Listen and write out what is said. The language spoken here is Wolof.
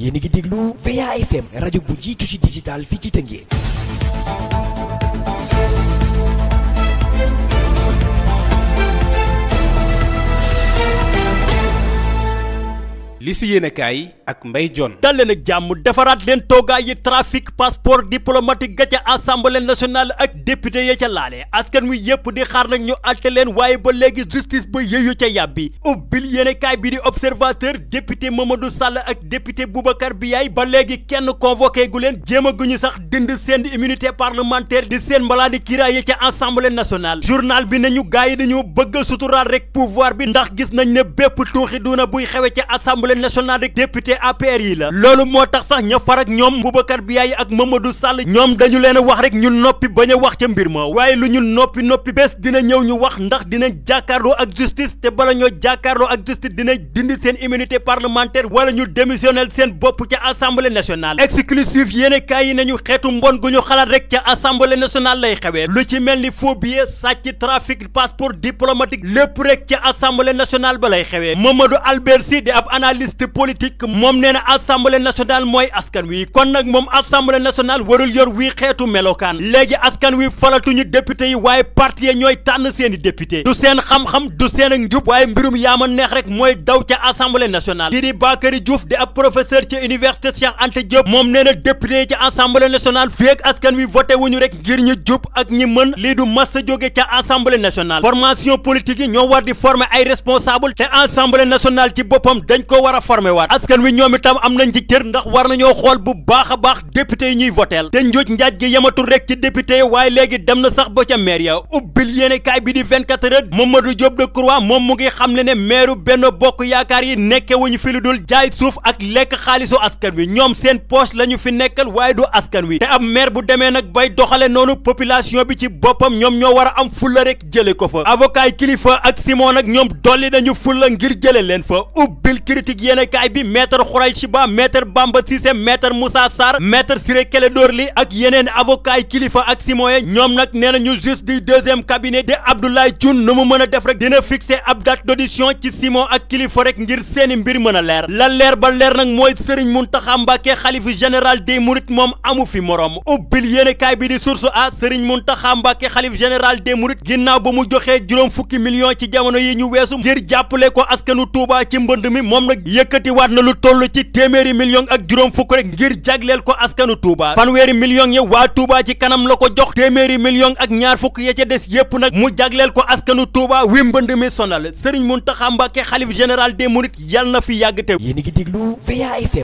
yéen a ngi déglu VA FM rajo bu jiitu ci digital fii ci Tëngéej li si yéen ak mbay Dione dal leen ak jàmm defaraat leen toogaay yi trafic passeport diplomatique ga ca assemblée nationale ak député ya ca laale askan wi yépp di xaar nag ñu àtte leen waaye ba léegi justice ba yëyu ca yàbbi ubbil yéen a kaay bi di observateur député Mamadou Sall ak député Boubacar Biaye ba léegi kenn convoqué gu leen jéem a guñu sax dind seen immunité parlementaire di seen malaadi kiraay ya ca assemblée nationale journal bi nañu gaay yi dañoo bëgg a suturaal rek pouvoir bi ndax gis nañ ne bépp tuuxi duuna buy xewe ca assemblée nationale rek député APR yi la loolu moo tax sax ña far ak ñoom Boubacar Biaye ak du Sall ñoom dañu leen wax rek ñu noppi bañ a wax ca mbir ma waaye lu ñu noppi noppi bés dina ñëw ñu wax ndax dina jàkkaarloo ak justice te bala ñoo jàkkaarloo ak justice dina dindi seen immunité parlementaire wala ñu démissionnel seen bopp ca assemblée nationale exclusif yéene kaay yi nañu xeetu mbon gu ñu xalaat rek ca assemblée nationale lay xewee lu ci mel ni faux billet sàcc trafic passeport diplomatique lépp rek ca assemblée nationale ba lay xewee Mamadou Albert liste politique moom nee na assemblée nationale mooy askan wi kon nag moom assemblée nationale warul yor wii xeetu melokaan léegi askan wi falatuñu député yi waaye parti yi ñooy tànn seeni député du seen xam-xam du seen ak njub waaye mbirum yaama neex rek mooy daw ca assemblée nationale kii di Bakary Diouf di ab professeur ci université Cheikh Anta Diop moom nee na yi ci assemblée nationale fii ak askan wi a jóge formation politique yi ñoo war di former ay responsable war a formé waat askan wi ñoom itam am nañ ci cër ndax war nañoo xool bu baax a baax député yi ñuy voteel te njooj njaaj gi yematul rek ci député yi waaye léegi dem na sax ba ca maire ya ubbil yéene kaay bi di 24 heures Mamadou Diop Decroix moom mu ngi xam ne ne maire benn bokk yaakaar yi nekke wuñu fi lu dul jaay suuf ak lekk xaalisu askan wi ñoom seen poche la ñu fi nekkal waaye du askan wi te ab maire bu demee nag bay doxale noonu population bi ci boppam ñoom ñoo war a am fulla rek jële ko fa avocat yi kilifa ak Simon nag ñoom dolli nañu fulla ngir jële leen fa yéenekaay bi maître Khouraychi Ba maître Bamba Cissé maître Moussa Sarr maître Ciré Clédor li ak yeneen avocat yi kilifa ak simoye ñoom nag nee na ñu juge du deuxième cabinet de Abdoulaye Thioune nu mu mën a def rek dina fixer ab date d'audition ci simon ak kilifa rek ngir seeni mbir mën a leer la leer ba leer nag mooy sëriñ Muntaxa Mbàkke xalifa général des mourides moom amu fi moroom ubbil yéenekaay bi di source a sëriñ Muntaxa Mbàkke xalifa général des mourides ginnaaw ba mu joxee juróom fukki millions ci jamono yi ñu weesu ngir jàppale ko askanu Tuuba ci mbënd mi moom nag yëkkati waat na lu toll ci téeméeri million ak juróom fukk rek ngir jagleel ko askanu Touba fanweeri million ya waa Touba ci kanam la ko jox téeméeri million ak ñaar fukk ya ca des yépp nag mu jagleel ko askanu Touba wi mbënd mi sonal Serigne Mountakha Mbacké xalif général des mourides yal na fi yàgg te yéen a ngi déglu VA FM